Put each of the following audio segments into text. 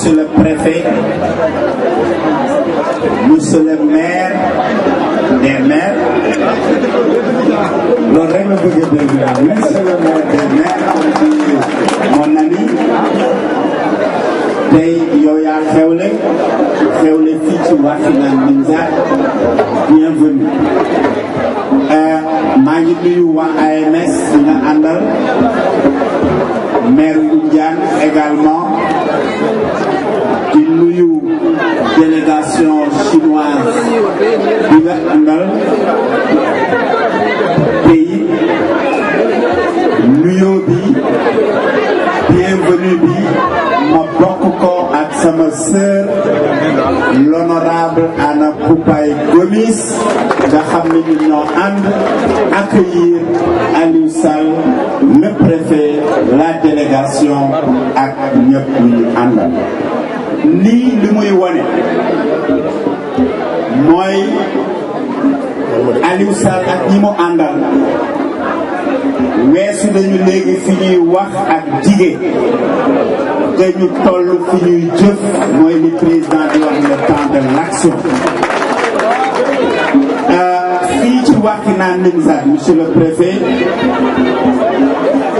monsieur le préfet, monsieur le maire des maires, le règne de monsieur le maire des maires, mon ami, tey yow Féolé, Féolé xewle fii ci bienvenue euh, maa AMS maire également délégation chinoise du pays nuyoo bienvenue bi ma bokk ko ak sama l'honorable Anna Poupay Gomis nga accueillir à l'usal le préfet la délégation à Nyokuni ñu lii li muy wane mooy Aliou Sall ak ñi mu àndal weesu nañu léegi fi ñuy wax ak jigéen dañu toll fi ñuy jëf mooy li président di wax le temps de l'action euh, fii ci Wakhinane Nimzatt monsieur le préfet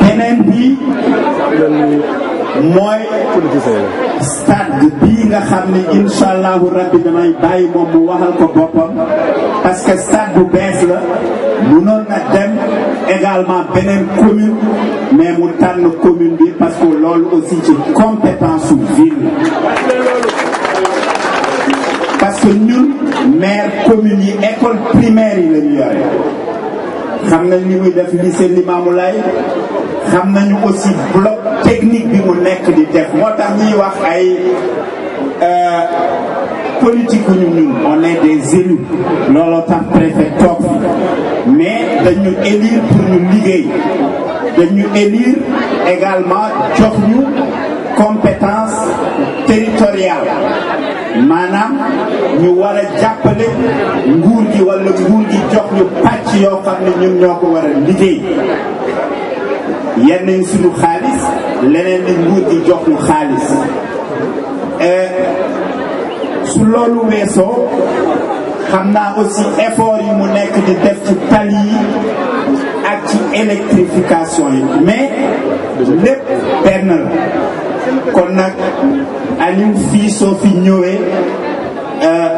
beneen bi mooy stade bi nga xam ni incha allahu rabbi damay bàyyi moom mu waxal ko boppam parce que stade bu bees la mënoon na dem également beneen commune mais mu tànn commune bi parce que loolu aussi ci compétence ville parce que ñun maire commune yi école primaire yi la ñu yore xam nañ ni muy def lycée Limamou lay xamnañu aussi bloc technique bi mu nekk di def moo tax ñuy wax ay euh, politique ñun ñun on est des élus looloo tax préfet toog fi mais dañu élire pour ñu liggéey dañu élire également jox ñu compétence territoriale maanaam ñu war a jàppale nguur gi wala nguur gi jox ñu pàcc yoo xam ne ñun ñoo ko war a liggéey yenn nañ suñu xaalis leneen nañ nguur gi jox ñu xaalis euh, su loolu weesoo xam naa aussi effort yi mu nekk di def ci tali yi ak ci électrification yi mais lépp benn kon nag Aliou fii soo fi ñëwee. Euh,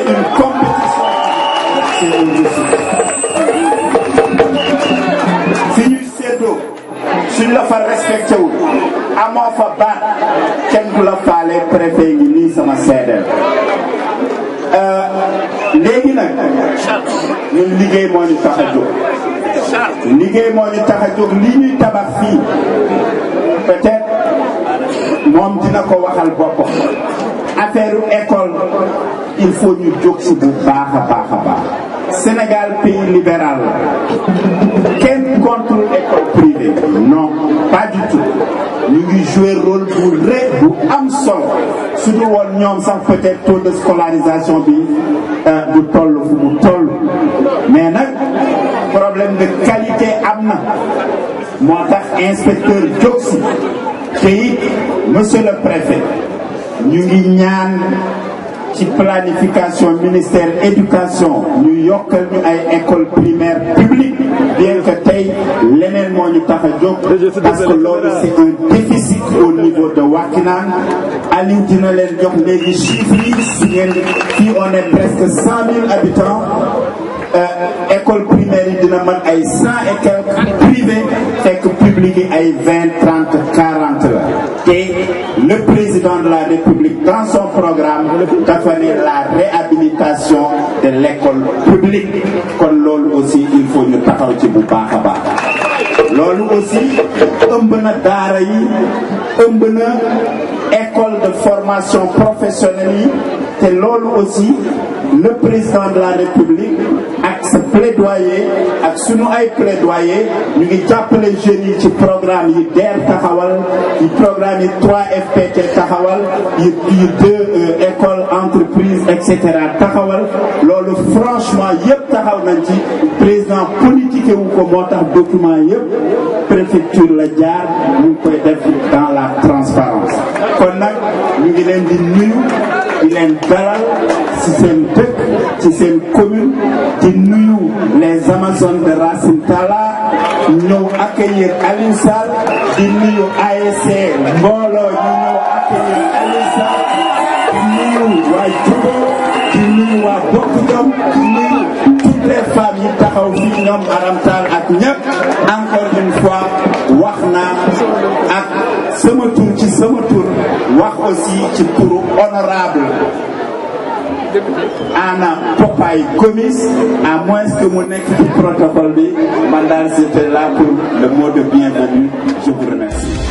affecté wul amoo fa baat kenn du euh, léegi nag ñun liggéey moo ñu tax a jóg liggéey moo ñu tax a jóg lii ñuy tabax fii peut-être moom dina ko waxal boppam affaire école il faut ñu jóg si baax a baax a baax Sénégal pays libéral du tout ñu ngi jouer rôle pour rëy bu am le su dul woon sax peut-être taux de scolarisation bi du euh, toll fu mu toll mais nag problème de qualité amna. moi moo tax inspecteur jóg si monsieur le préfet ñu ngi ñaan planification ministère éducation ñu York une école primaire publique bien que tay leneen a un déficit au niveau de Wakina. aliou dina nous jox mais chiffre qui si on est presque 100 000 habitants L'école euh, école primaire dina 100 et quelques privés fekk public 20 30 40 président de la République, dans son programme, dafa la réhabilitation de l'école publique Comme loolu aussi il faut ñu taxaw ci beaucoup baax a aussi ëmb na daara yi na école de formation professionnelle Et te aussi le président de la République plaidoyer ak sunu ay plaidoyer ñu jeunes yi programme yi DER taxawal programme 3FPT deux euh, écoles entreprise etc. taxawal franchement yépp taxaw nañ ci président politique wu ko document préfecture la jaar nous dans la transparence un dalal ci un si c'est une commune nous, les amazones de Racine Tala, accueillir à l'insal. di ASC Molo, nous accueillir à qui nous toutes les femmes à à encore une fois ak sama tur ci sama tur wax aussi ci turu honorable Anna Popay Gomis à moins que mu nekk ci protocole bi man daal c'était là pour le mot de bienvenue je vous